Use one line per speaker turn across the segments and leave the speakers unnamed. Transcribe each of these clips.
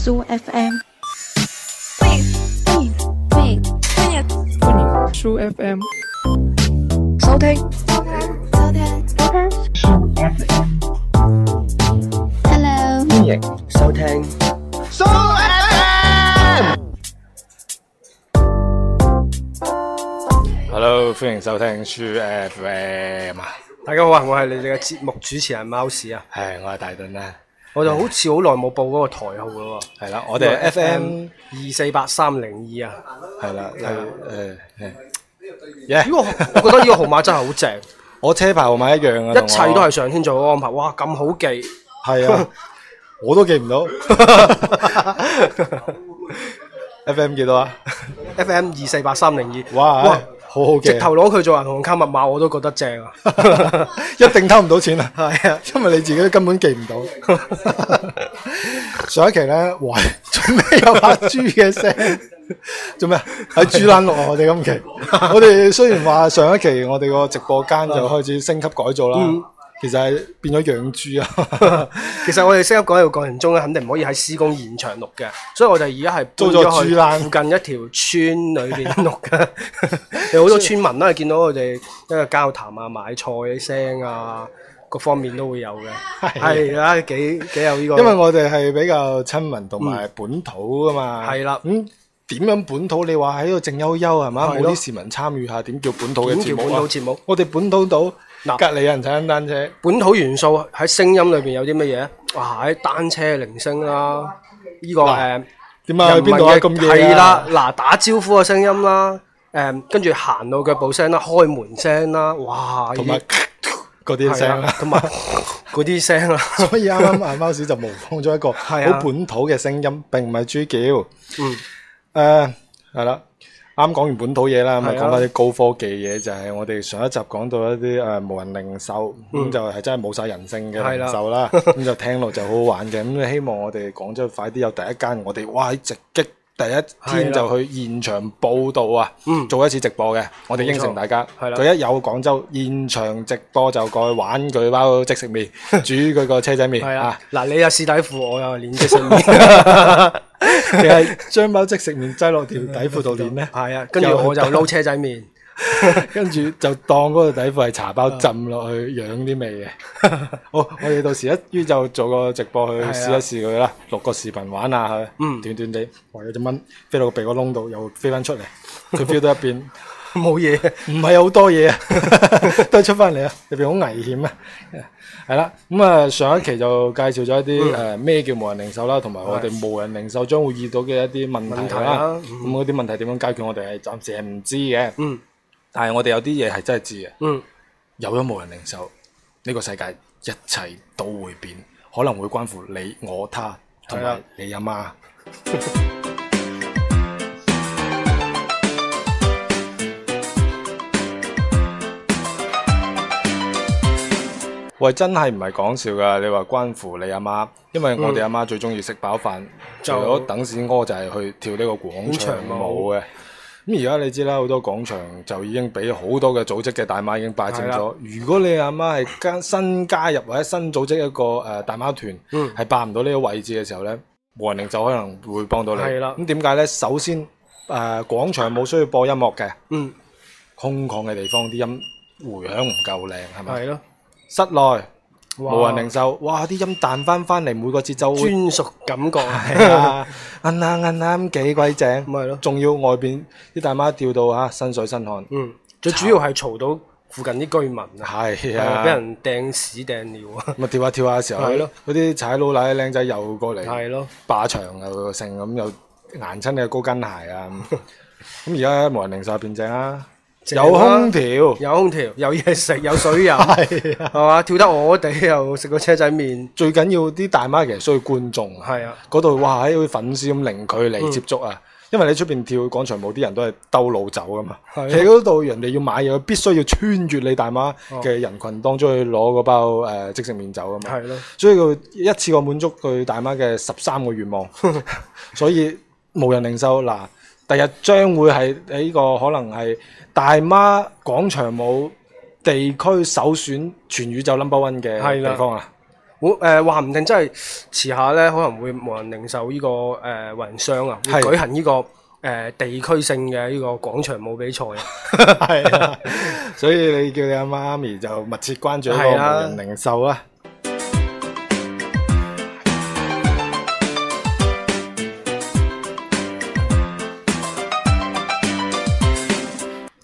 Soo FM，歡迎歡迎 Soo FM 收聽收聽收聽 Soo FM 收聽 Hello 歡迎收聽 Soo FM，Hello，歡迎收聽 Soo FM 啊！大家好啊，我係你哋嘅節目主持人貓屎啊，係我係大躉啊。我就好似好耐冇報嗰個台號咯。係啦，我哋係 FM 二四八三零二啊。係啦，係誒。耶！呢個我覺得呢個號碼真係好正。我車牌號碼一樣啊。一切都係上天做嘅安排。哇，咁好記。係啊。我都記唔到。FM 幾多啊？FM 二四八三零二。哇！好好直頭攞佢做銀行卡密碼，我都覺得正啊， 一定偷唔到錢啊，係啊，因為你自己都根本記唔到。 上一期呢，喂， 做咩有把豬嘅聲？做咩？喺豬欄落啊！啊我哋今期， 我哋雖然話上一期我哋個直播間就開始升級改造啦。 嗯其實係變咗養豬啊！ 其實我哋施工喺度過程中咧，肯定唔可以喺施工現場錄嘅，所以我哋而家係租咗去附近一條村裏邊錄嘅。 有好多村民都係，見村到我哋一個交談啊、買菜嘅聲啊，各方面都會有嘅。係啊的，幾幾有呢個。因為我哋係比較親民同埋本土噶嘛。係啦、嗯，咁點、嗯、樣本土？你話喺度靜悠悠係嘛？冇啲的市民參與下，點叫本土嘅節目啊？我哋本土到。嗱，隔籬有人踩緊單車。本土元素喺聲音裏邊有啲乜嘢？哇，喺單車嘅鈴聲啦，呢個誒，點啊，去邊度咁夜啊？係啦，嗱，打招呼嘅聲音啦，誒，跟住行路腳步聲啦，開門聲啦，哇，同埋嗰啲聲啦，同埋嗰啲聲啦。所以啱啱阿貓史就模仿咗一個好本土嘅聲音，並唔係豬叫。嗯，誒，係啦。啱啱講完本土嘢啦，咁啊講翻啲高科技嘢，就係、是、我哋上一集講到一啲誒、呃、無人零售，咁、嗯、就係真係冇晒人性嘅零售啦，咁、啊、就聽落就好好玩嘅，咁 希望我哋廣州快啲有第一間我哋，哇！直擊。第一天就去現場報道啊，嗯，做一次直播嘅，我哋應承大家。係啦。佢一有廣州現場直播就過去玩佢包即食麵，煮佢個車仔麵。係啊，嗱，你有試底褲，我又練即食麵。你係將包即食麵擠落條底褲度練咩？係啊，跟住我就撈車仔麵。 跟住就當嗰個底褲係茶包、嗯、浸落去養啲味嘅。好，我哋到時一於就做個直播去試一試佢啦。錄個視頻玩下佢，嗯，短短地，哇、哦！有隻蚊飛落個鼻哥窿度，又飛翻出嚟。佢飛到一邊冇嘢，唔係 事有好多嘢， 都出翻嚟啊！入邊好危險啊！係啦， 咁、嗯、啊，上一期就介紹咗一啲誒咩叫無人零售啦，同埋我哋無人零售將會遇到嘅一啲問題啦。咁嗰啲問題點樣解決？我哋係暫時係唔知嘅。嗯。那那但係我哋有啲嘢係真係知嘅，嗯、有咗無人零售呢、這個世界，一切都會變，可能會關乎你、我、他同埋你阿媽。吧 喂，真係唔係講笑噶，你話關乎你阿媽，因為我哋阿媽最中意食飽飯，
除咗、嗯、
等屎屙，就係去跳呢個廣場舞嘅。嗯咁而家你知啦，好多廣場就已經俾好多嘅組織嘅大媽已經霸佔咗。的如果你阿媽係加新加入或者新組織一個誒大媽團，係霸唔到呢個位置嘅時候呢，無、嗯、人零就可能會幫到你。係啦的。咁點解呢？首先誒、呃、廣場冇需要播音樂嘅，嗯，空曠嘅地方啲音回響唔夠靚係咪？的室內。無人零售，哇！啲音彈翻翻嚟，每個節奏專屬感覺，係啊，啱啱幾鬼正，咪咯，仲要外邊啲大媽跳到吓，身水身汗，嗯，最主要係嘈到附近啲居民，係啊，俾人掟屎掟尿啊，咪、嗯、跳下跳下嘅時候，嗰啲、啊、踩佬奶靚仔又過嚟，係咯、啊，霸場又成，咁，又硬親你嘅高跟鞋啊，咁而家無人零售變正啊。有空調，有空調，有嘢食，有水飲，係啊，係嘛，跳得我哋又食個車仔麵，最緊要啲大媽其實需要觀眾，係啊，嗰度哇喺去粉絲咁零距離接觸啊，因為你出邊跳廣場舞啲人都係兜路走噶嘛，喺嗰度人哋要買嘢，必須要穿越你大媽嘅人群當中去攞個包誒即食麵走噶嘛，係咯，所以佢一次過滿足佢大媽嘅十三個願望，所以無人零售嗱。第日將會係喺呢個可能係大媽廣場舞地區首選全宇宙 number one 嘅地方啊！我誒話唔定真係遲下咧，可能會無人零售呢、呢個誒雲商啊，要舉行呢、呢個誒的、呃、地區性嘅呢個廣場舞比賽啊！係啊， 所以你叫你阿媽咪就密切關注無人零售啊的！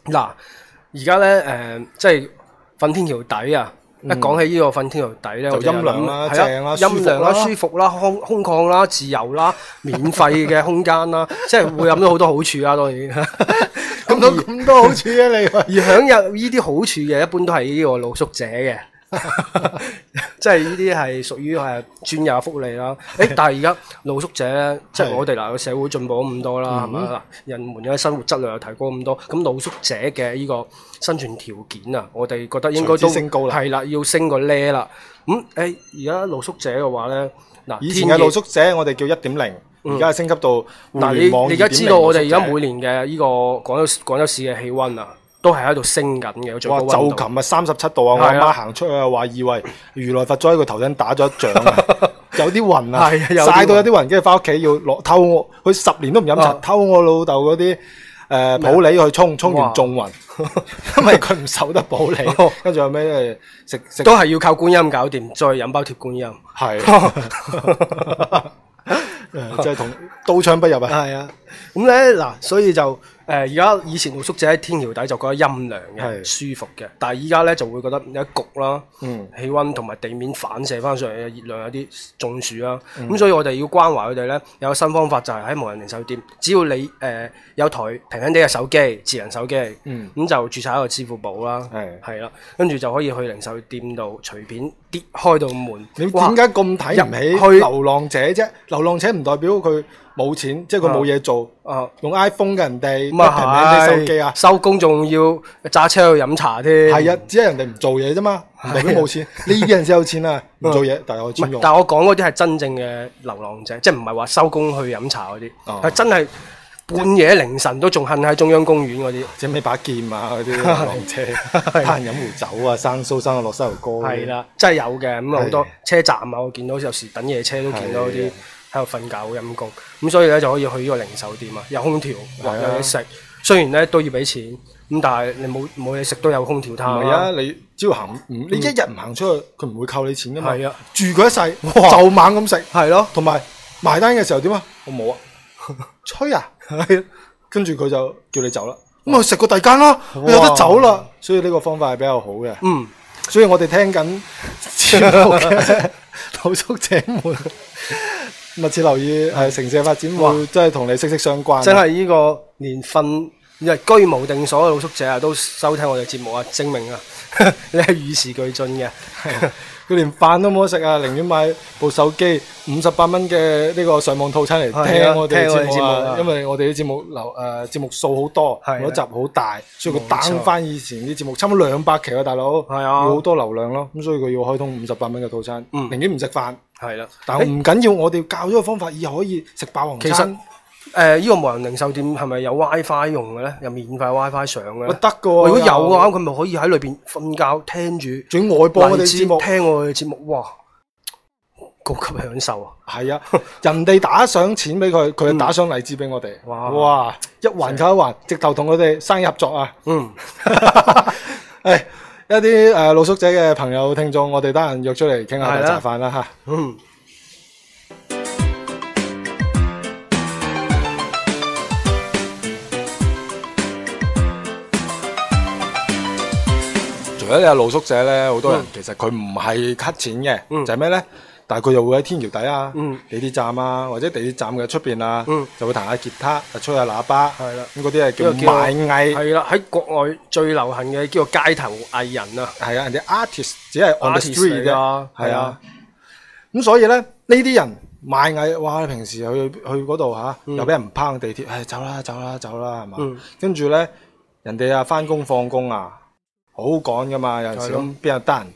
嗱，而家咧，誒，即係瞓天橋底啊！一講起呢個瞓天橋底咧，就陰涼啦，正啦，陰涼啦，舒服啦，空空曠啦，自由啦，免費嘅空間啦，即係會諗到好多好處啦，當然。諗到咁多好處啊！你而享有呢啲好處嘅，一般都係呢個露宿者嘅。 即係呢啲係屬於係專業福利啦。誒、欸，但係而家露宿者咧， 即係我哋嗱，社會進步咁多啦，係咪、嗯？嗱，人們嘅生活質量又提高咁多，咁露宿者嘅呢個生存條件啊，我哋覺得應該都升高係啦，要升個 level 啦。咁、嗯、誒，而、欸、家露宿者嘅話咧，嗱，以前嘅露宿者我哋叫一點零，而家係升級到互聯網二點零、嗯、但係你而家知道我哋而家每年嘅呢個廣州廣州市嘅氣溫啊。都係喺度升緊嘅，哇！就琴日三十七度啊，我阿媽行出去啊，話，以為如來佛喺佢頭頂打咗仗，有啲暈啊，曬到有啲暈，跟住翻屋企要落偷，我，佢十年都唔飲茶，偷我老豆嗰啲誒普洱去沖，沖完中暈，因為佢唔受得普洱，跟住後尾，咧食食都係要靠觀音搞掂，再飲包鐵觀音，係，就係同刀槍不入啊，係啊，咁咧嗱，所以就。誒而家以前露宿者喺天橋底就覺得陰涼嘅是的 舒服嘅，但係依家咧就會覺得有一焗啦，嗯、氣温同埋地面反射翻上嚟嘅熱量有啲中暑啦，咁、嗯、所以我哋要關懷佢哋咧。有個新方法就係喺無人零售店，只要你誒、呃、有台平平地嘅手機、智能手機，咁、嗯、就註冊一個支付寶啦，係啦，跟住就可以去零售店度隨便。開到門，你點解咁睇唔起流浪者啫？流浪者唔代表佢冇錢，即係佢冇嘢做。啊，用 iPhone 嘅人哋，掟不停，啲手機啊，收工仲要揸車去飲茶添。係啊，只係人哋唔做嘢啫嘛，嚟都冇錢。呢啲人先有錢啊，唔做嘢但係我專用。但係我講嗰啲係真正嘅流浪者，即係唔係話收工去飲茶嗰啲，係真係。半夜凌晨都仲瞓喺中央公園嗰啲，即係咩把劍啊嗰啲，攤飲杯酒啊，生蘇生個落西頭歌。係啦，真係有嘅，咁好多車站啊，我見到有時等夜車都見到啲喺度瞓覺好陰功咁，所以咧就可以去呢個零售店啊，有空調，有嘢食。雖然咧都要俾錢咁，但係你冇冇嘢食都有空調。唔係啊，你只要行你一日唔行出去，佢唔會扣你錢噶嘛。係啊，住佢一世，哇，就猛咁食係咯。同埋埋單嘅時候點啊？我冇啊，吹啊！係， 跟住佢就叫你走啦。咁啊、嗯，食個第間啦，你有得走啦。所以呢個方法係比較好嘅。嗯，所以我哋聽緊， 老熟者們密切留意，係是是城市發展會，即係同你息息相關。真係呢個年份。日居無定所嘅露宿者啊，都收聽我哋節目啊，證明 與 啊，你係與時俱進嘅。佢連飯都冇得食啊，寧願買部手機五十八蚊嘅呢個上網套餐嚟聽的我哋節目啊。目啊，因為我哋啲節目流誒節、呃、目數好多，的每集好大，所以佢等翻以前啲節目，差唔多兩百期啊，大佬。係啊的。好多流量咯，咁所以佢要開通五十八蚊嘅套餐，寧願唔食飯。係啦，的但係唔緊要，我哋教咗個方法，以後可以食霸王餐。誒，依個無人零售店係咪有 WiFi 用嘅呢？有免費 WiFi 上嘅，得嘅喎。如果有嘅話，佢咪可以喺裏邊瞓覺，聽住轉外播嘅節目，聽我嘅節目，哇，高級享受啊！係啊，人哋打賞錢俾佢，佢打賞荔枝俾我哋，哇，一環就一環，直頭同佢哋生意合作啊！嗯，係一啲誒露宿者嘅朋友聽眾，我哋得閒約出嚟傾下大茶飯啦嚇嗯！如果你有露宿者咧，好多人其實佢唔係乞錢嘅，就係咩咧？但係佢又會喺天橋底啊、地鐵站啊，或者地鐵站嘅出邊啊，就會彈下吉他、吹下喇叭。係啦，咁嗰啲係叫賣藝。係啦，喺國外最流行嘅叫做街頭藝人啊。係啊，人哋 artist 只係 on the street 啊，係啊，咁所以咧呢啲人賣藝，哇！你平時去去嗰度嚇，又俾人唔抨地鐵，係走啦走啦走啦，係嘛？跟住咧，人哋啊翻工放工啊。好講噶嘛，有陣時邊有得人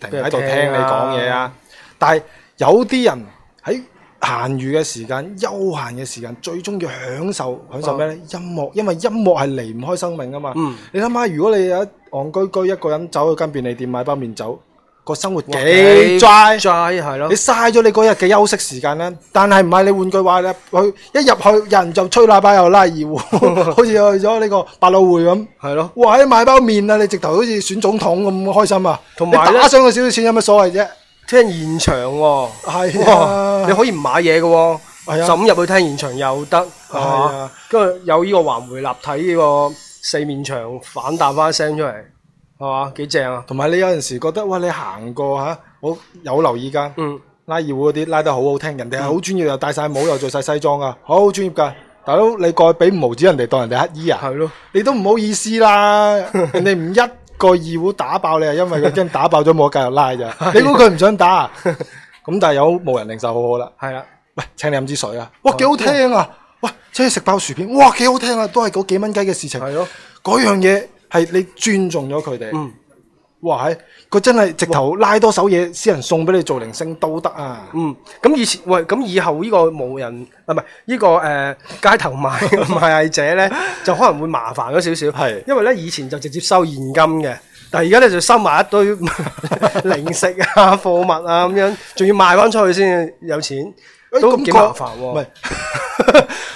停喺度聽你講嘢啊？但係有啲人喺閒餘嘅時間，休閒嘅時間，最中意享受享受咩呢？啊、音樂，因為音樂係離唔開生命噶嘛。嗯、你諗下，如果你有一戇居居一個人走去間便利店買包麵走。個生活幾 dry，dry 係咯，你嘥咗你嗰日嘅休息時間啦。但係唔係你換句話咧，佢一入去人就吹喇叭又拉二胡，好似 去咗呢個百老匯咁。係咯，哇！你買包麵啊，你直頭好似選總統咁開心啊！同埋咧，打賞少少錢有乜所謂啫？聽現場喎、哦，係啊，你可以唔買嘢嘅喎，咁入的去聽現場又得，係嘛的？跟住的、啊、有呢個環迴立體呢個四面牆反彈翻聲出嚟。係嘛，幾正啊！同埋你有陣時覺得，哇！你行過吓，我有留意噶，拉二胡嗰啲拉得好好聽，人哋係好專業，又戴晒帽，又着晒西裝啊，好專業噶。大佬，你過去俾五毫子人哋當人哋乞衣啊？係咯，你都唔好意思啦。人哋唔一個二胡打爆你，啊，因為佢驚打爆咗冇得繼續拉咋。你估佢唔想打？咁但係有無人零售好好啦？係啦，喂，請你飲支水啊！哇，幾好聽啊！喂，請你食包薯片，哇，幾好聽啊！都係嗰幾蚊雞嘅事情。係咯，嗰樣嘢。係你尊重咗佢哋，嗯、哇！佢真係直頭拉多手嘢，私人哇送俾你做鈴聲都得啊！嗯，咁以前喂，咁以後呢個冇人啊，唔係呢個誒、呃、街頭賣 賣藝者咧，就可能會麻煩咗少少。係是，因為咧以前就直接收現金嘅，但係而家咧就收埋一堆 零食啊、貨物啊咁樣，仲要賣翻出去先有錢，欸、都幾麻煩喎。嗯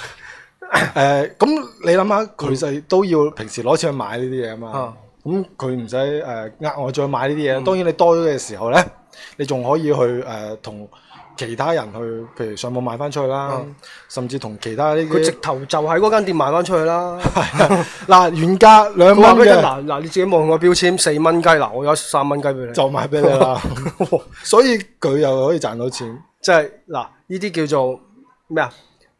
誒，咁你諗下，佢、嗯、就、嗯、都要平時攞錢去買呢啲嘢啊嘛。咁佢唔使誒額外再買呢啲嘢。嗯、當然你多咗嘅時候咧，你仲可以去誒同、呃、其他人去，譬如上網買翻出去啦，嗯、甚至同其他呢，佢直頭就喺嗰間店買翻出去啦。嗱 原價兩蚊雞，嗱你，你自己望個標籤四蚊雞，嗱我有三蚊雞俾你，就買俾你啦。 所以佢又可以賺到錢，即係嗱呢啲叫做咩啊？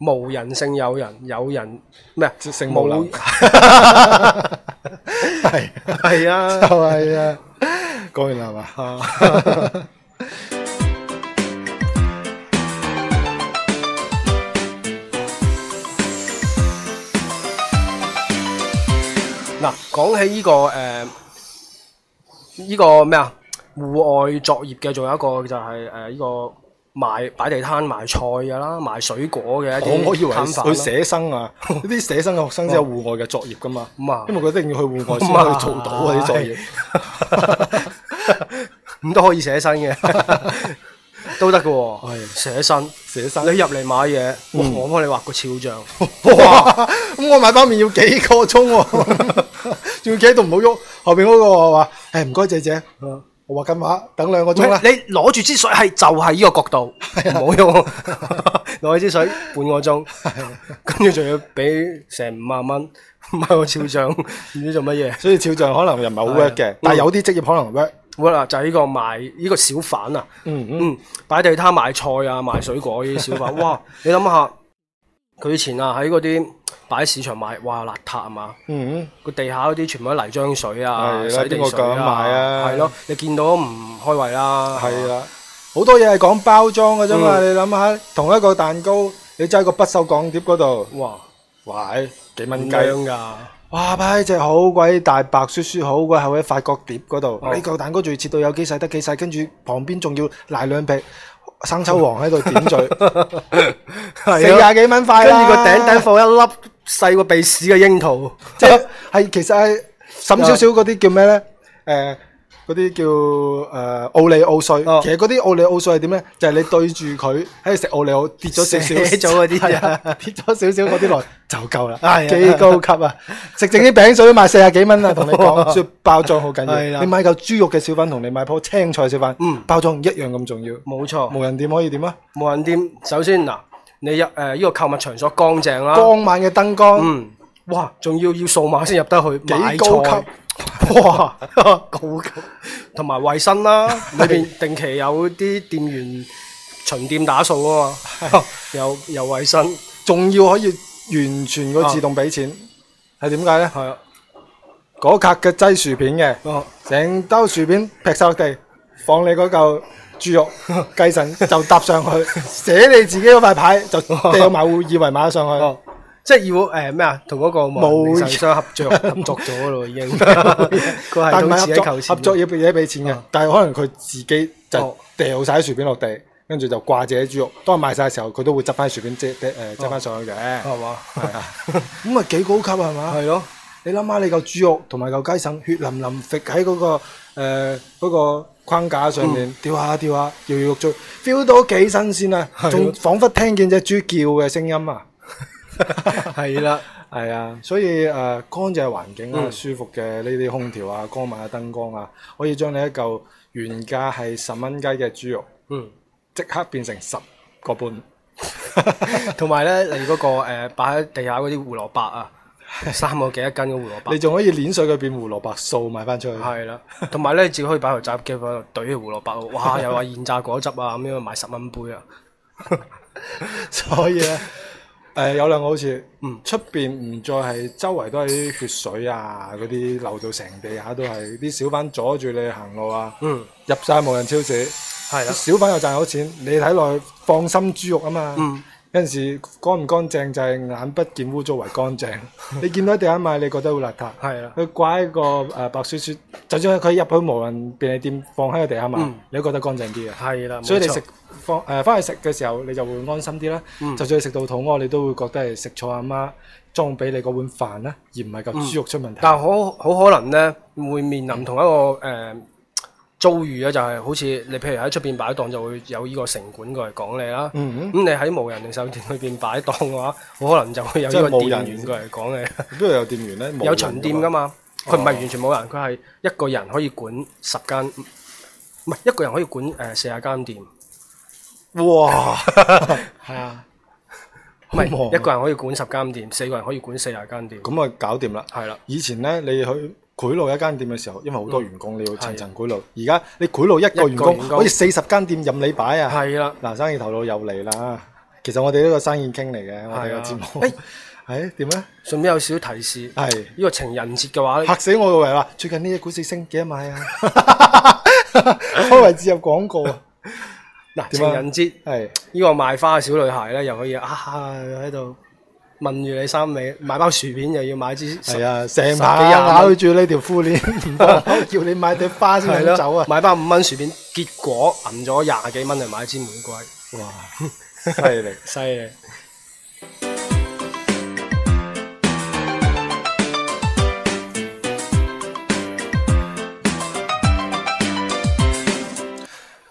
無人性，有人，有人咩？絕性無能，係係啊，就係啊，講完啦嘛。嗱，講起呢個誒，呢個咩啊？戶外作業嘅，仲有一個就係誒呢個。賣擺地攤賣菜嘅啦，賣水果嘅。我以為佢寫生啊，啲寫生嘅學生先有戶外嘅作業噶嘛。咁啊，因為佢一定要去戶外先可以做到啲作業。咁都可以寫生嘅，都得嘅。係寫生，寫生。你入嚟買嘢，我幫你畫個肖像。哇！咁我買包麵要幾個鐘？仲要企喺度唔好喐。後邊嗰個話：誒，唔該，姐姐。」我話近馬等兩個鐘啦，你攞住支水係就係呢個角度，冇、啊、別用，攞 支水半個鐘，跟住仲要俾成五萬蚊買個超像，唔知做乜嘢。麼所以超像可能又唔係好叻嘅，啊、但係有啲職業可能叻。叻啦、嗯，就呢、是、個賣呢、這個小販啊，嗯嗯，擺、嗯、地攤賣菜啊，賣水果呢啲小販，嗯、 哇，你諗下。佢以前啊喺嗰啲擺喺市場賣，哇邋遢啊嘛！個、嗯、地下嗰啲全部都泥漿水啊，的洗啲水啊，係咯、啊，你見到唔開胃啦、啊？係啦的，好的多嘢係講包裝嘅啫嘛！嗯、你諗下，同一個蛋糕，你擠個不鏽鋼碟嗰度，哇哇幾蚊雞咁㗎！哇，擺隻好鬼大白雪雪，好鬼厚喺法國碟嗰度，呢、嗯、個蛋糕仲要切到有幾細得幾細，跟住旁邊仲要瀨兩皮。生抽王喺度點綴，成廿幾蚊塊啦，跟住個頂頂放一粒細個鼻屎嘅櫻桃，即係是 其實係審少少嗰啲叫咩咧？誒、呃。嗰啲叫誒奧利奧碎，其實嗰啲奧利奧碎係點咧？就係你對住佢喺度食奧利奧，跌咗少少，跌咗少少嗰啲落就夠啦。係幾高級啊！食剩啲餅水都賣四十幾蚊啦，同你講，說包裝好緊要。你買嚿豬肉嘅小粉同你買棵青菜小粉，嗯，包裝一樣咁重要。冇錯，無人店可以點啊？無人店首先嗱，你入誒呢個購物場所乾淨啦，光猛嘅燈光，嗯，哇，仲要要掃碼先入得去，幾高級。哇，好同埋衛生啦、啊，裏邊定期有啲店員巡店打掃啊嘛，又又衛生，仲要可以完全個自動俾錢，係點解呢？係嗰、啊、格嘅擠薯片嘅，成兜、啊、薯片劈晒落地，放你嗰嚿豬肉雞腎、啊、就搭上去，寫、啊、你自己嗰塊牌就有丟埋二維碼上去。即係要誒咩啊？同嗰個冇互相合作合作咗咯，已經佢係同合作合作要俾嘢、俾錢嘅。但係可能佢自己就掉晒喺薯片落地，跟住就掛住啲豬肉。當係賣晒嘅時候，佢都會執翻薯片，即誒執翻上去嘅，係嘛？咁啊幾高級係嘛？係咯，你諗下你嚿豬肉同埋嚿雞腎，血淋淋喺嗰個誒個框架上面，吊下吊下搖搖欲墜，feel 到幾新鮮啊！仲仿佛聽見隻豬叫嘅聲音啊！係啦，係啊 的， 所以誒，乾淨環境，嗯、舒服嘅呢啲空調啊，光猛嘅燈光啊，可以將你一嚿原價係十蚊雞嘅豬肉，嗯，即刻變成十個半。同埋咧，你嗰、那個誒擺喺地下嗰啲胡蘿蔔啊， 三個幾個一斤嘅胡蘿蔔， 你仲可以碾碎佢變胡蘿蔔素賣翻出去。係 啦，同埋咧，你只可以擺條汁機喺度懟胡蘿蔔，哇，又話現榨果汁啊，咁樣賣十蚊杯啊， 所以咧、啊。 誒、呃，有兩個好似，嗯，出邊唔再係周圍都係血水啊，嗰啲流到成地下都係，啲小販阻住你行路啊，嗯，入晒了無人超市，係啦的，小販又賺到錢，你睇落放心豬肉啊嘛，嗯。有陣時乾唔乾淨就係眼不見污糟為乾淨，你見到地下，你覺得好邋遢。係啊，佢掛一個誒白雪雪，就算係佢入去無人便利店放喺個地下，你都覺得乾淨啲嘅。係啦，所以你食放誒翻去食嘅時候，你就會安心啲啦。就算你食到肚屙，你都會覺得係食錯阿媽裝俾你嗰碗飯啦，而唔係嚿豬肉出問題。但係好好可能咧，會面臨同一個誒，遭遇咧就係好似你，譬如喺出邊擺檔就會有呢個城管過嚟講你啦。咁、嗯、哼 你喺無人零售店裏邊擺檔嘅話，好可能就會有呢個店員過嚟講你。都係有店員呢， 有巡店噶嘛。佢唔係完全冇人，佢係一個人可以管十間，唔係一個人可以管誒四十間店。哇！係 啊，
唔係是忙、啊、一個
人可以管十間店，四個人可以管四十間店。咁啊，搞掂啦。係啦，以前呢，你去。賄賂一間店嘅時候，因為好多員工你要層層賄賂。而家你賄賂一個員工，好似四十間店任你擺啊！係啦，嗱，生意頭腦又嚟啦。其實我哋呢個生意傾嚟嘅，我哋有節目。誒，誒，點咧？順便有小提示。係呢個情人節嘅話咧，嚇死我嘅維話，最近呢隻股市升幾多萬啊？開位置有廣告啊！嗱，情人節係呢個賣花嘅小女孩呢，又可以啊喺度。問住你三味，買包薯片又要買支，係啊，成日咬住呢條褲鏈， 叫你買對花先肯走啊！的買包五蚊薯片，結果銀咗廿幾蚊就買支玫瑰，哇，犀利犀利！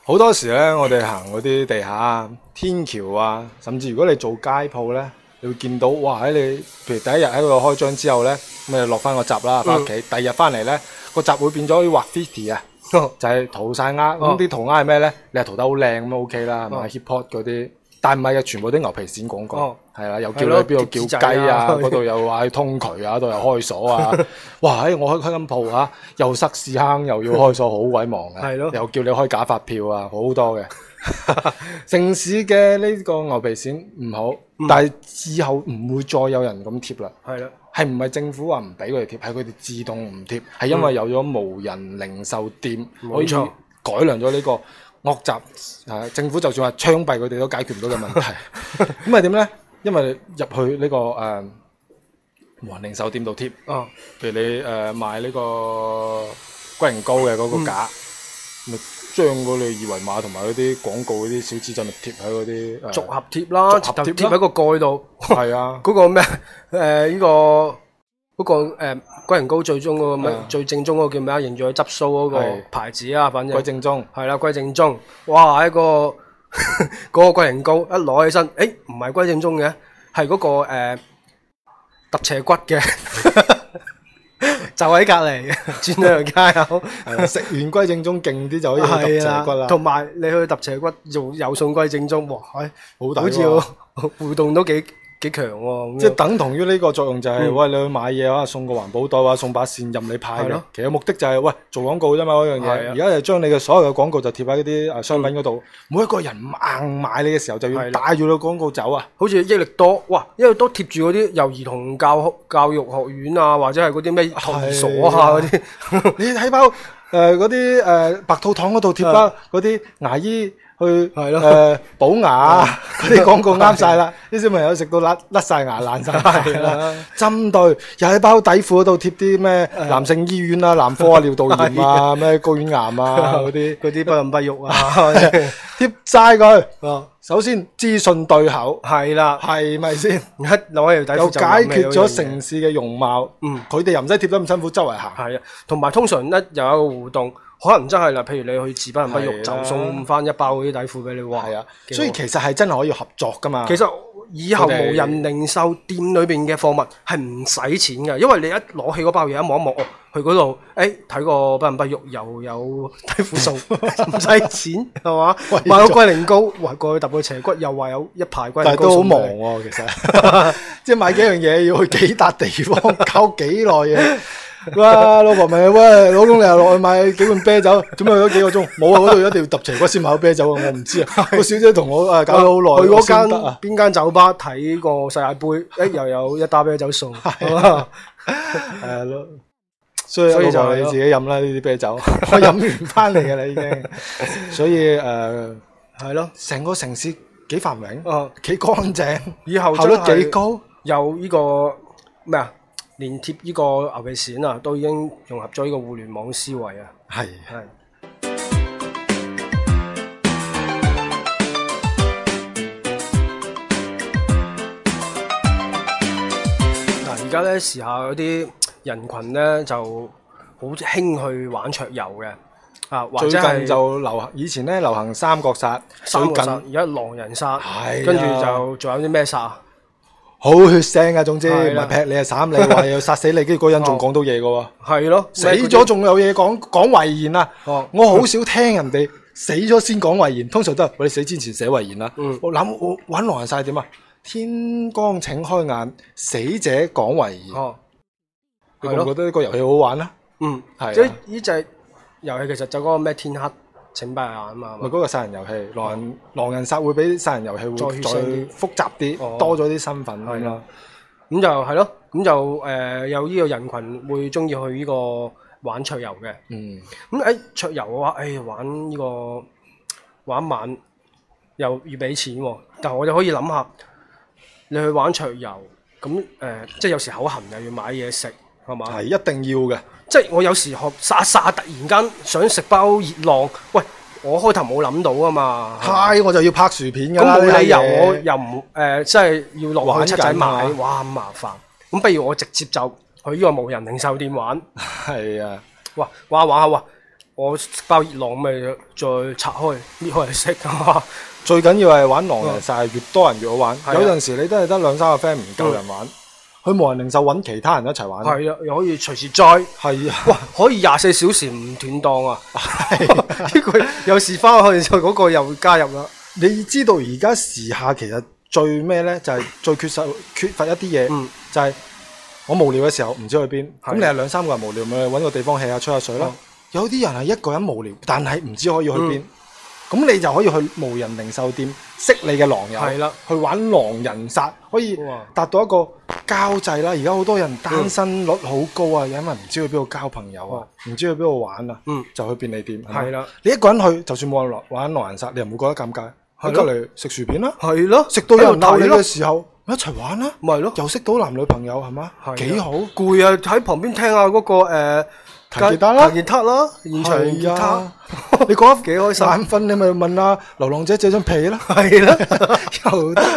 好 害多時咧，我哋行嗰啲地下啊、天橋啊，甚至如果你做街鋪咧。你會見到，哇！喺你譬如第一日喺嗰度開張之後咧，咁啊落翻個閘啦，翻屋企。第二日翻嚟咧，個閘會變咗可以畫 fifty 啊，就係塗晒鴉。咁啲塗鴉係咩咧？你係塗得好靚咁，O K 啦。買 hip hop 嗰啲，但唔係嘅，全部啲牛皮癬廣告，係啦，又叫你邊度叫雞啊，嗰度又話要通渠啊，度又開鎖啊。哇！喺我開開間鋪嚇，又塞屎坑，又要開鎖，好鬼忙啊，係咯，又叫你開假發票啊，好多嘅。 城市嘅呢個牛皮癬唔好，嗯、但係以後唔會再有人咁貼啦。係啦的，係唔係政府話唔俾佢哋貼，係佢哋自動唔貼，係因為有咗無人零售店、嗯、可以改良咗呢個惡習、嗯啊。政府就算話槍斃佢哋都解決唔到嘅問題。咁係點呢？因為入去呢、這個誒、呃、無人零售店度貼，哦、嗯，譬如你誒、呃、買呢個龜苓膏嘅嗰個架。嗯將嗰啲二維碼同埋嗰啲廣告嗰啲小紙巾咪貼喺嗰啲，組合貼啦，組合貼喺個蓋度。係啊，嗰個咩？誒，呢個嗰個誒，龜苓膏最終嗰個咩最正宗嗰個叫咩啊？形狀去執蘇嗰個牌子啊，反正。龜正宗係啦，龜正宗。哇！一個嗰個龜苓膏一攞起身，誒，唔係龜正宗嘅，係嗰個誒，揼斜骨嘅。就喺隔離，轉兩條街口食完歸正宗勁啲， 就可以揼斜骨啦。同埋你去揼斜骨，又送歸正宗，哇！哎、好大喎，互、啊、動都幾～幾強喎！即係等同於呢個作用就係、是嗯、喂你去買嘢啊，送個環保袋，啊，送把扇，任你派咯。的其實目的就係、是、喂做廣告啫嘛，嗰樣嘢。而家的就將你嘅所有嘅廣告就貼喺嗰啲誒商品嗰度。嗯、每一個人硬買你嘅時候，就要帶住個廣告走啊。好似益力多，哇！益力多貼住嗰啲由兒童教育教育學院啊，或者係嗰啲咩牙所啊嗰啲。的 你睇包誒嗰啲誒白兔糖嗰度貼翻嗰啲牙醫。 啊去係咯，誒補牙嗰啲廣告啱曬啦！啲小朋友食到甩甩曬牙，爛曬牙啦！針對又喺包底褲嗰度貼啲咩男性醫院啦、男科啊、尿道炎啊、咩睾丸癌啊嗰啲，嗰啲不孕不育啊，貼曬佢。哦，首先資訊對口，係啦，係咪先？啊，劉偉又解決咗城市嘅容貌。嗯，佢哋又唔使貼得咁辛苦，周圍行。係啊，同埋通常又有一個互動。可能真係啦，譬如你去自筆人筆肉就送翻一包嗰啲底褲俾你喎。係啊，所以其實係真係可以合作噶嘛。其實以後無人零售店裏邊嘅貨物係唔使錢嘅，因為你一攞起嗰包嘢一望一望，哦，去嗰度，誒，睇個筆人筆肉又有底褲送，唔使錢係嘛？買個龜苓膏，喂，過去揼個斜骨又話有一排龜苓膏送。但係都好忙喎，其實，即係買幾樣嘢要去幾笪地方搞幾耐嘢。哇！老婆咪：喂，老公你又落去買幾罐啤酒？做咩去咗幾個鐘？冇啊！嗰度一定要揼齊骨先買酒啤酒啊！我唔知啊。個小姐同我誒搞咗好耐，去嗰間邊間酒吧睇個世界杯，誒又有一打啤酒送，係咯，所以所以就你自己飲啦呢啲啤酒。我飲完翻嚟嘅啦已經。所以誒，係咯，成個城市幾繁榮哦，幾乾淨，以後效率幾高，有呢個咩啊？連貼依個牛皮癬啊，都已經融合咗依個互聯網思維啊！係係的。嗱，而家咧，時下有啲人群呢，就好興去玩桌遊嘅，啊或者最近就流行，以前咧流行三國殺，最近而家狼人殺，跟住的就仲有啲咩殺？好血腥啊！總之唔係劈你係砍你，又殺死你，跟住嗰人仲講到嘢㗎喎。係咯，死咗仲有嘢講講遺言啊！哦，我好少聽人哋死咗先講遺言，通常都係我哋死之前寫遺言啦。我諗我搵狼人晒點啊？天光請開眼，死者講遺言。你覺唔覺得呢個遊戲好玩咧？嗯，係即係呢隻遊戲其實就嗰個咩天黑。請閉眼啊嘛，咪嗰個殺人遊戲，狼狼人殺會比殺人遊戲會再複雜啲，哦、多咗啲身份咯。咁的、嗯、就係咯，咁就誒、呃、有呢個人群會中意去呢個玩桌遊嘅。咁喺桌遊嘅話，誒、哎、玩呢、呢個玩一晚又一玩、呃，又要俾錢，但係我就可以諗下你去玩桌遊，咁誒即係有時口痕又要買嘢食。係嘛？係一定要嘅，即係我有時學耍耍，突然間想食包熱浪，喂，我開頭冇諗到啊嘛，係、哎、我就要拍薯片咁冇理由我,你人 我又唔誒、呃，即係要落下七仔買，緊哇咁麻煩，咁不如我直接就去呢個無人零售店玩，係是啊哇，哇玩下玩下哇，我包熱浪咪再拆開搣開嚟食，最緊要係玩狼人殺，嗯、越多人越好玩，是啊、有陣時你都係得兩三個 friend 唔夠人玩。佢無人零售揾其他人一齊玩，係啊，又可以隨時 join 係啊，可以廿四小時唔斷檔啊！佢的 有事翻去，佢、那、嗰個又會加入啦、啊。你知道而家時下其實最咩呢？就係、是、最缺少 缺乏一啲嘢，嗯、就係我無聊嘅時候唔知去邊。咁的你係兩三個人無聊咪揾個地方 hea 下、吹下水啦。嗯、有啲人係一個人無聊，但係唔知可以去邊。嗯咁你就可以去無人零售店識你嘅狼友，係啦，去玩狼人殺，可以達到一個交際啦。而家好多人單身率好高啊，因為唔知去邊度交朋友啊，唔知去邊度玩啊，就去便利店。係啦，你一個人去就算冇人落玩狼人殺，你又唔會覺得尷尬，去隔離食薯片啦，係咯，食到有人鬧你嘅時候一齊玩啦，咪係咯，又識到男女朋友係嘛？幾好。攰啊，喺旁邊聽下嗰個誒。彈吉他啦，彈吉他啦，現場吉他，你講得幾開心？眼瞓你咪問阿流浪者借張被咯，係啦，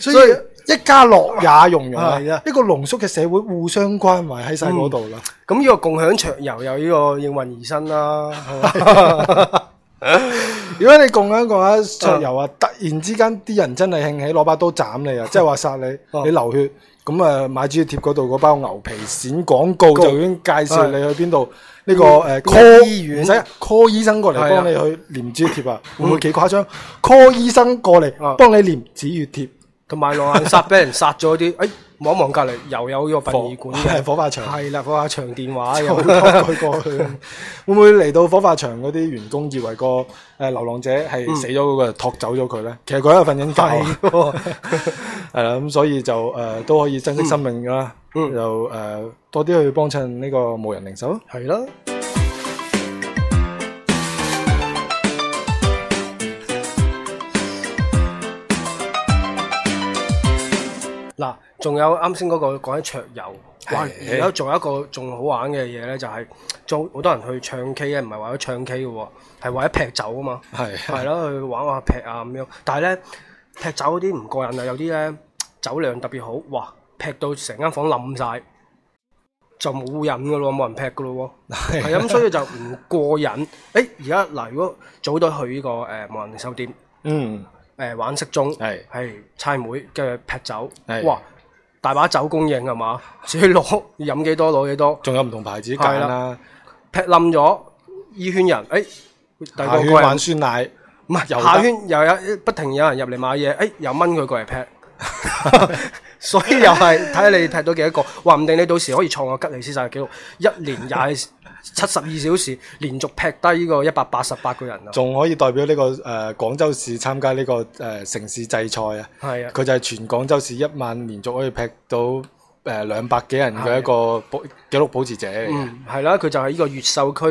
所以一家樂也融融係啊，一個濃縮嘅社會互相關懷喺晒嗰度啦。咁呢個共享桌遊又呢個應運而生啦。如果你共享嘅話，桌遊啊，突然之間啲人真係興起攞把刀斬你啊，即係話殺你，你流血。咁啊，買止血貼嗰度嗰包牛皮癬廣告高就已經介紹你去邊度？呢的、這個誒 call 醫院唔使 call 醫生過嚟幫你去粘止血貼啊，的會唔會幾誇張 call 醫生過嚟幫你粘止血貼，同埋落去殺俾人殺咗啲誒。 哎望一望隔籬，又有個殯儀館、火化場，係啦，火化場電話又拖佢過去， 會唔會嚟到火化場嗰啲員工以為個誒流浪者係死咗嗰、那個、嗯、托走咗佢咧？其實佢喺度瞓緊覺，係啦，咁所以就誒、呃、都可以珍惜生命㗎啦，就誒、嗯呃、多啲去幫襯呢個無人零售，係啦。仲有啱先嗰個講緊桌遊，係而家仲有一個仲好玩嘅嘢咧，就係做好多人去唱 K 咧，唔係為咗唱 K 嘅喎，係為咗劈酒啊嘛，係係咯去玩下劈啊咁樣。但係咧劈酒嗰啲唔過癮啊，有啲咧酒量特別好，哇劈到成間房冧晒，就冇癮嘅咯，冇人劈嘅咯，係咁是的 所以就唔過癮。誒而家嗱，如果早啲去呢、這個誒無、呃、人零售店，嗯誒、呃、玩骰盅，係係猜枚跟住劈酒，哇！大把酒供應係嘛？自己攞飲幾多攞幾多，仲有唔同牌子揀啦。啊、劈冧咗，依圈人，第、哎、下圈玩酸奶，唔係、哎，下圈又有不停有人入嚟買嘢，哎，又掹佢過嚟劈。 所以又係睇下你劈到幾多個，話唔定你到時可以創個吉利斯世界紀錄，一年廿。 七十二小時連續劈低呢個一百八十八個人、啊，仲可以代表呢、這個誒廣、呃、州市參加呢、這個誒、呃、城市制賽啊！係啊，佢就係全廣州市一萬連續可以劈到誒兩百幾人嘅一個紀錄、啊、保持者嚟嗯，係啦、啊，佢就係呢個越秀區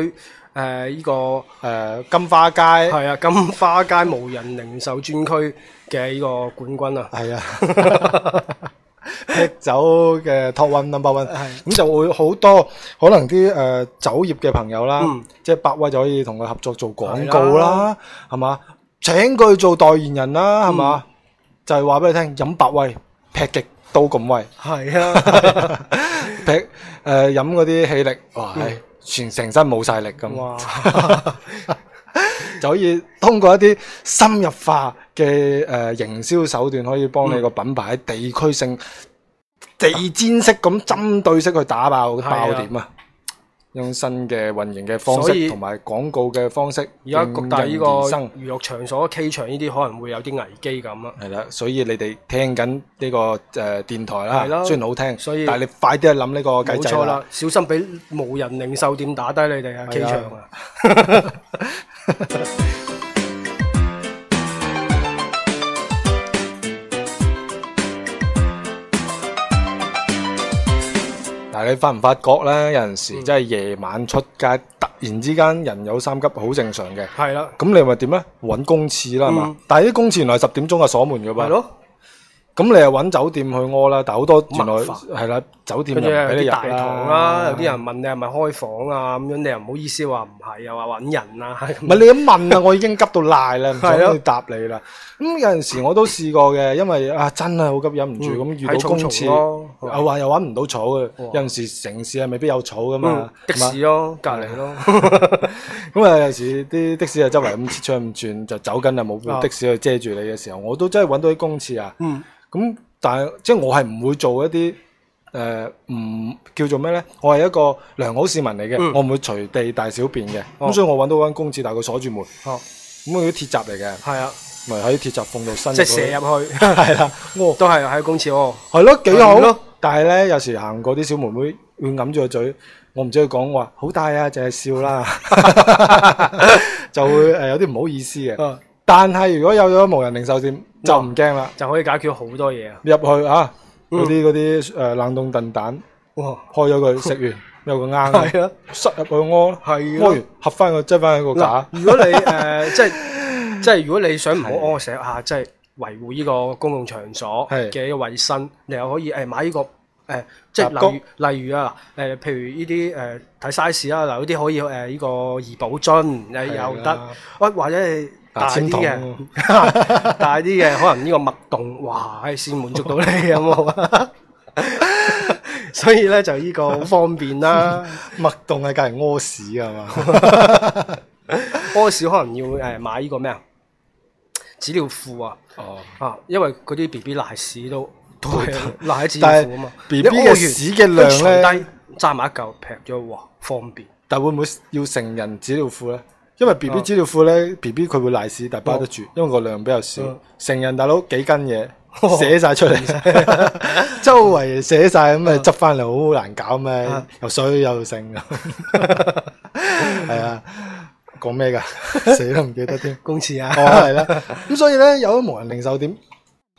誒呢個誒、呃、金花街，係啊金花街無人零售專區嘅呢個冠軍啊！係是啊。 劈酒嘅託運 number one，咁就會好多可能啲誒酒業嘅朋友啦，即係百威就可以同佢合作做廣告啦，係嘛？請佢做代言人啦，係嘛？就係話俾你聽，飲百威劈極都咁威，係啊！劈誒飲嗰啲氣力，哇！全成身冇曬力咁，就可以通過一啲深入化嘅誒營銷手段，可以幫你個品牌喺地區性。地氈式咁針對式去打爆爆點啊！用新嘅運營嘅方式同埋廣告嘅方式，而家各大呢個娛樂場所 K 場呢啲可能會有啲危機咁啊！係啦，所以你哋聽緊呢個誒電台啦，雖然好聽，所以但係你快啲去諗呢個計仔啦，小心俾無人零售店打低你哋啊！K 場啊！你發唔發覺呢？有陣時即係夜晚出街，突然之間人有三急，好正常嘅。係啦的，咁你咪點咧？揾公廁啦嘛。嗯、但係啲公廁原來十點鐘就鎖門嘅噃。係咯。咁你又揾酒店去屙啦，但係好多原來係啦，酒店又唔俾你入啲大堂啦，有啲人問你係咪開房啊，咁樣你又唔好意思話唔係，又話揾人啊。唔係你一問啊，我已經急到賴啦，唔使去答你啦。咁有陣時我都試過嘅，因為啊真係好急，忍唔住咁遇到公廁又話又揾唔到草嘅，有陣時城市係未必有草噶嘛。的士咯，隔離咯。咁啊有陣時啲的士啊周圍咁切穿唔轉，就走緊啊冇的士去遮住你嘅時候，我都真係揾到啲公廁啊。咁但係即係我係唔會做一啲誒唔叫做咩咧？我係一個良好市民嚟嘅，我唔會隨地大小便嘅。咁所以我揾到一間公廁，但係佢鎖住門。哦，咁佢啲鐵閘嚟嘅。係啊，咪喺鐵閘縫度伸。即係射入去。係啦，都係喺公廁。係咯，幾好。但係咧，有時行過啲小妹妹，會揞住個嘴，我唔知佢講話好大啊，淨係笑啦，就會誒有啲唔好意思嘅。但係如果有咗無人零售店。就唔驚啦，就可以解決好多嘢啊！入去吓，嗰啲嗰啲誒冷凍燉蛋，哇！開咗佢食完， 有個啱嘅，的塞入去安咯，開的合翻個，擠翻一個架。啊、如果你誒、 呃、即係即係，如果你想唔好安石下，即係維護呢個公共場所嘅一個衛生，的你又可以誒買呢個誒、呃，即係例工如例如啊，誒、呃、譬如呢啲誒睇 size 啦，嗱有啲可以誒呢個易保樽你又得，或者係。呃呃呃大啲嘅，纖檔 大啲嘅，可能呢個麥洞，哇，先滿足到你咁咯。 所以咧就呢個好方便啦、啊。麥洞係隔籬屙屎噶嘛？屙屎、 啊、可能要誒買呢個咩啊？紙尿褲啊。哦。啊，因為嗰啲 B B 瀨屎都是都係瀨紙尿褲啊嘛。B B 嘅屎嘅量咧，低揸埋一嚿，平咗，哇，方便。但會唔會要成人紙尿褲咧？因為 B B 紙尿褲咧，B B 佢會瀨屎，但係包得住，因為個量比較少。成人大佬幾斤嘢寫晒出嚟，周圍寫晒咁咪執翻嚟好難搞咩？又水又剩，係啊，講咩噶？死都唔記得添。公廁啊，係啦。咁所以咧，有啲無人零售店，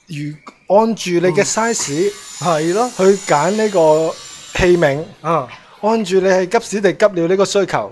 如按住你嘅 size，係咯，去揀呢個器皿啊，按住你係急屎定急尿呢個需求。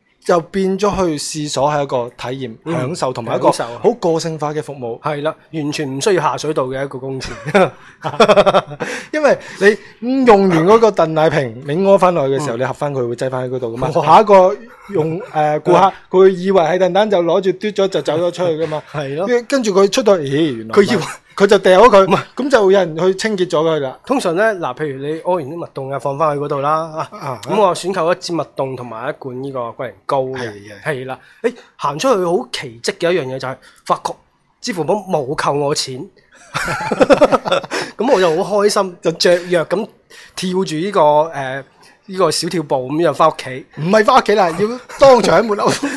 就變咗去廁所係一個體驗、嗯、享受同埋一個好個性化嘅服務。係啦，完全唔需要下水道嘅一個工程。 因為你用完嗰個燉奶瓶，你擰翻落去嘅時候，嗯、你合翻佢會擠翻喺嗰度噶嘛。嗯、下一個用誒顧客，佢、呃嗯、以為係燉蛋就攞住嘟咗就走咗出去噶嘛。係咯、啊，跟住佢出到，咦、嗯？原來佢、 哎、以為。佢就掉咗佢，唔係是，咁就有人去清潔咗佢啦。通常咧，嗱，譬如你屙完啲脈動又放翻去嗰度啦，啊，咁我選購一支脈動同埋一罐呢個龜苓膏，係啦的，誒的，行、欸、出去好奇蹟嘅一樣嘢就係、是，發覺支付寶冇扣我錢，咁 我就好開心，就雀躍咁跳住呢、這個誒。呃呢個小跳步咁樣翻屋企，唔係翻屋企啦，要當場喺門口食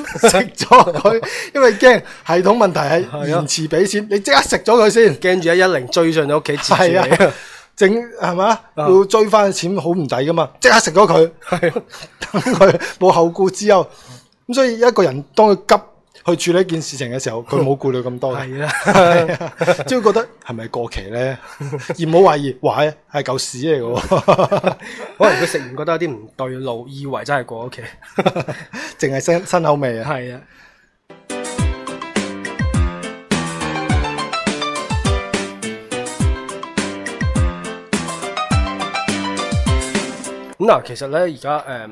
咗佢，因為驚系統問題係延遲俾錢，的你即刻食咗佢先，驚住一一零追上咗屋企錢嚟，整係咪嘛，要追翻錢好唔抵噶嘛，即刻食咗佢，係，等佢冇後顧之憂，咁的所以一個人當佢急。去處理一件事情嘅時候，佢冇顧慮咁多嘅，即係、嗯啊 啊、覺得係咪過期咧？ 而唔好懷疑，話係嚿屎嚟㗎， 可能佢食完覺得有啲唔對路，以為真係過咗期，淨係新新口味啊！係啊。咁嗱，其實咧而家誒。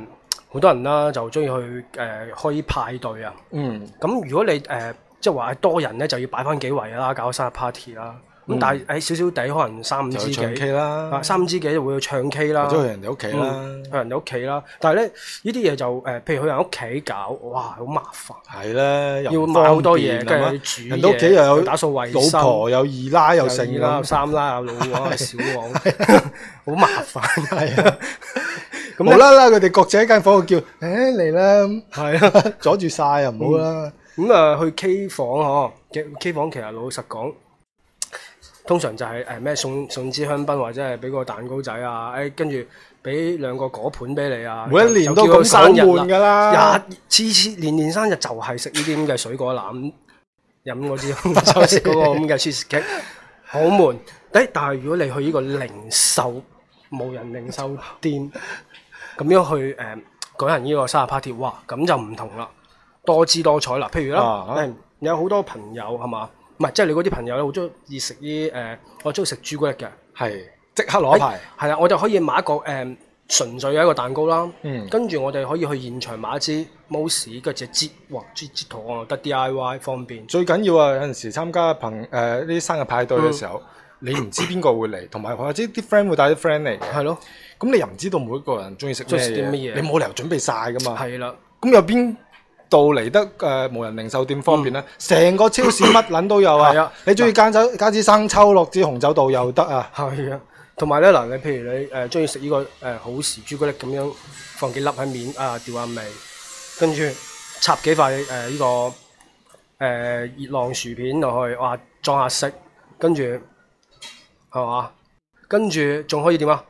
好多人啦，就中意去誒開派對啊。嗯，咁如果你誒即係話多人咧，就要擺翻幾圍啦，搞生日 party 啦。咁但係喺少少哋，可能三五知己啦，三五知己就會去唱 K 啦。去人哋屋企啦，去人哋屋企啦。但係咧，呢啲嘢就誒，譬如去人屋企搞，哇，好麻煩。係啦，要買好多嘢，跟住要煮，人屋企又有打掃衞生，老婆有二奶，有四奶，有三奶，有老王、小王，好麻煩，係啊。冇啦啦，佢哋各自一間房，叫，誒嚟啦，係啊，阻住晒又唔好啦。咁啊，去 K 房嗬，K 房其實老實講，通常就係誒咩送送支香檳或者係俾個蛋糕仔啊，誒跟住俾兩個果盤俾你啊，每一年都咁生日噶啦，日次次年年生日就係食呢啲咁嘅水果籃，飲嗰啲就食個咁嘅芝士 cake，好悶。誒，但係如果你去呢個零售無人零售店。咁樣去誒、呃、舉行呢個生日 party，哇！咁就唔同啦，多姿多彩啦。譬如啦，誒、啊啊、有好多朋友係嘛，唔係即係你嗰啲朋友咧，好中意食啲誒，我中意食朱古力嘅，係即刻攞一排。係啦，我就可以買一個誒、呃、純粹嘅一個蛋糕啦。嗯，跟住我哋可以去現場買一支 mousse，跟住折或折折圖案，得 DIY 方便。最緊要啊，有陣時參加朋誒呢啲生日派對嘅時候。嗯你唔知邊個會嚟，同埋或者啲 friend 會帶啲 friend 嚟。係咯的，咁你又唔知道每一個人中意食啲咩嘢，你冇理由準備晒噶嘛。係啦的，咁有邊度嚟得誒、呃、無人零售店方便咧？成、嗯、個超市乜撚 都有啊！的你中意間酒加支生抽落支紅酒度又得啊！係啊，同埋咧嗱，你譬如你誒中意食呢個誒、呃、好時朱古力咁樣，放幾粒喺面啊，調下味，跟住插幾塊誒依、呃這個誒、呃、熱浪薯片落去，哇、啊，裝下色，跟住。係嘛？跟住仲可以點啊？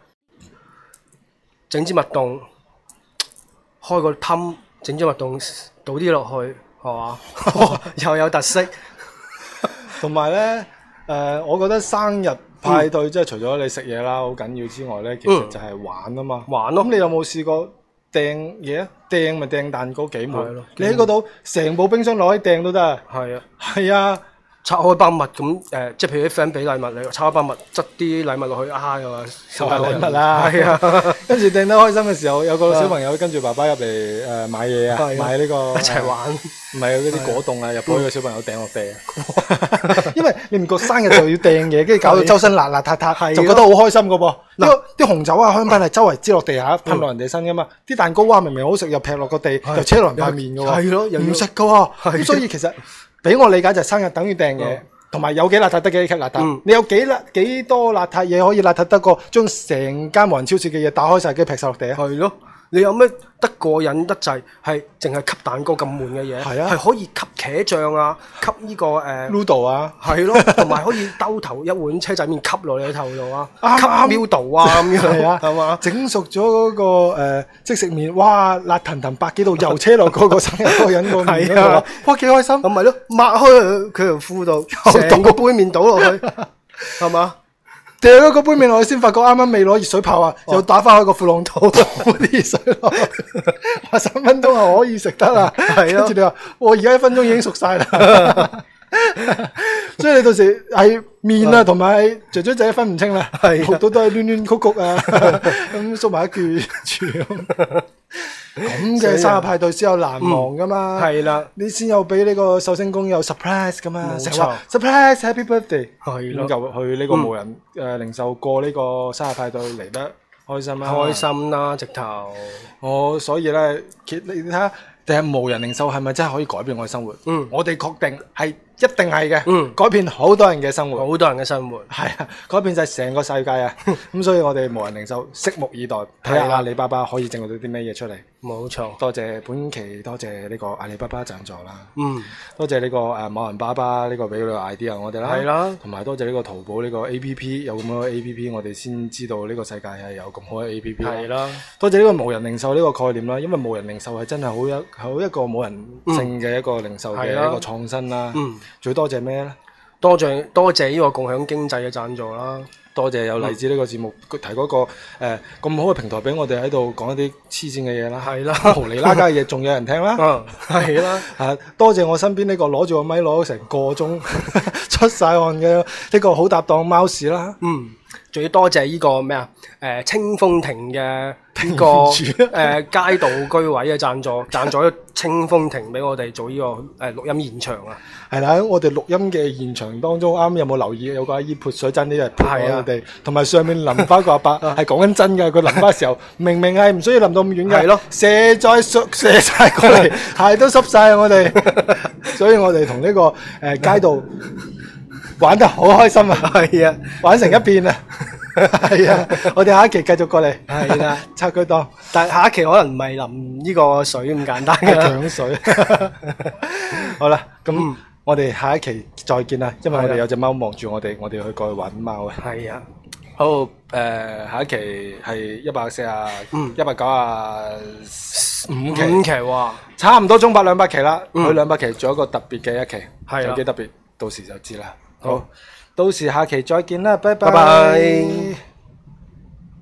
整支脈動，開個氹，整支脈動倒啲落去，係嘛？又有特色。同埋咧，誒，我覺得生日派對即係除咗你食嘢啦，好緊要之外咧，其實就係玩啊嘛！玩咯，咁你有冇試過掟嘢啊？掟咪掟蛋糕幾枚咯，你喺嗰度成部冰箱攞起掟都得。係啊，係啊。拆開包物咁誒，即係譬如啲 friend 俾禮物你，拆開包物，執啲禮物落去啊，又話收下禮物啦，係啊，跟住掟得開心嘅時候，有個小朋友跟住爸爸入嚟誒買嘢啊，買呢個一齊玩，唔係有啲果凍啊，入去個小朋友掟落地，因為你唔覺生日就要掟嘢，跟住搞到周身邋邋遢遢，就覺得好開心噶噃。嗱，啲紅酒啊、香檳係，周圍跌落地下，噴落人哋身噶嘛。啲蛋糕啊，明明好食又劈落個地，又扯落人塊面噶，係咯，又要食噶，咁所以其實。俾我理解就係生日等於掟嘢，同埋，嗯、有，有幾邋遢得幾邋遢。嗯、你有幾邋幾多邋遢嘢可以邋遢得過將成間無人超市嘅嘢打開曬，跟住撇落地啊！係你有咩得過癮得滯，係淨係吸蛋糕咁悶嘅嘢？係啊，係可以吸茄醬啊，吸呢個誒。noodle 啊，係咯，同埋可以兜頭一碗車仔麵吸落你頭度啊，吸 m i 啊咁樣係啊，係嘛？整熟咗嗰個誒，即食麵，哇！辣騰騰百幾度，又車落個個身，又過癮個係啊，哇！幾開心？唔係咯，抹開佢佢條褲度，同個杯麵倒落去，係嘛？掉咗個杯麵落去，先發覺啱啱未攞熱水泡啊，哇又打翻開個褲籠肚攞啲水落，話十 分鐘就可以食得啦。係咯 的，我而家一分鐘已經熟晒啦。 所以你到時係麵啊，同埋雀雀仔分唔清啦，好多都係攣攣曲曲啊，咁縮埋一句咁。咁嘅生日派對先有難忘噶嘛？係啦，你先有俾呢個壽星公有 surprise 噶嘛？唔錯，surprise，happy birthday。咁就去呢個無人誒零售過呢個生日派對嚟得開心啦，開心啦，直頭。我所以咧，你你睇下，淨係無人零售係咪真係可以改變我嘅生活？嗯，我哋確定係。一定係嘅，嗯、改變好多人嘅生活，好多人嘅生活係啊，改變就係成個世界啊！咁 所以我哋無人零售拭目以待，睇下阿里巴巴可以整到啲咩嘢出嚟。冇錯錯，多謝本期多謝呢個阿里巴巴贊助啦。嗯，多謝呢個誒馬雲爸爸呢個俾個 idea 我哋啦，係啦。同埋多謝呢個淘寶呢個 A P P，有咁多 A P P，我哋先知道呢個世界係有咁好嘅 A P P。係啦，嗯、多謝呢個無人零售呢個概念啦，因為無人零售係真係好一好一個冇人性嘅一個零售嘅一個創新啦。嗯嗯嗯最多謝咩咧？多謝多謝呢個共享經濟嘅贊助啦！多謝有嚟自呢個節目，佢提嗰、那個誒咁、呃、好嘅平台俾我哋喺度講一啲黐線嘅嘢啦，係啦，胡里啦拉加嘢仲 有人聽啦， 嗯，係啦，啊，多謝我身邊呢、這個攞住個咪攞成個鐘出晒汗嘅呢個好搭檔貓史啦，嗯。仲要多謝呢個咩啊？誒，清風亭嘅呢個誒街道居委嘅贊助，贊助清風亭俾我哋做呢個誒錄音現場啊！係啦，喺我哋錄音嘅現場當中，啱有冇留意有個阿姨潑水真啲啊？係啊，我哋同埋上面淋花個阿伯係講緊真嘅，佢淋花嘅時候明明係唔需要淋到咁遠嘅，係咯 射在濕射晒過嚟，鞋都濕晒我哋，所以我哋同呢個誒街道。玩得好開心啊！係啊，玩成一邊啊！係啊，我哋下一期繼續過嚟。係啦，拆佢當，但係下一期可能唔係淋呢個水咁簡單嘅搶水。好啦，咁我哋下一期再見啦，因為我哋有隻貓望住我哋，我哋去過去搵貓啊。係啊，好誒，下一期係一百四啊，一百九啊五期，差唔多中百兩百期啦，去兩百期做一個特別嘅一期，有幾特別，到時就知啦。好，到時下期再見啦，拜拜。Bye bye!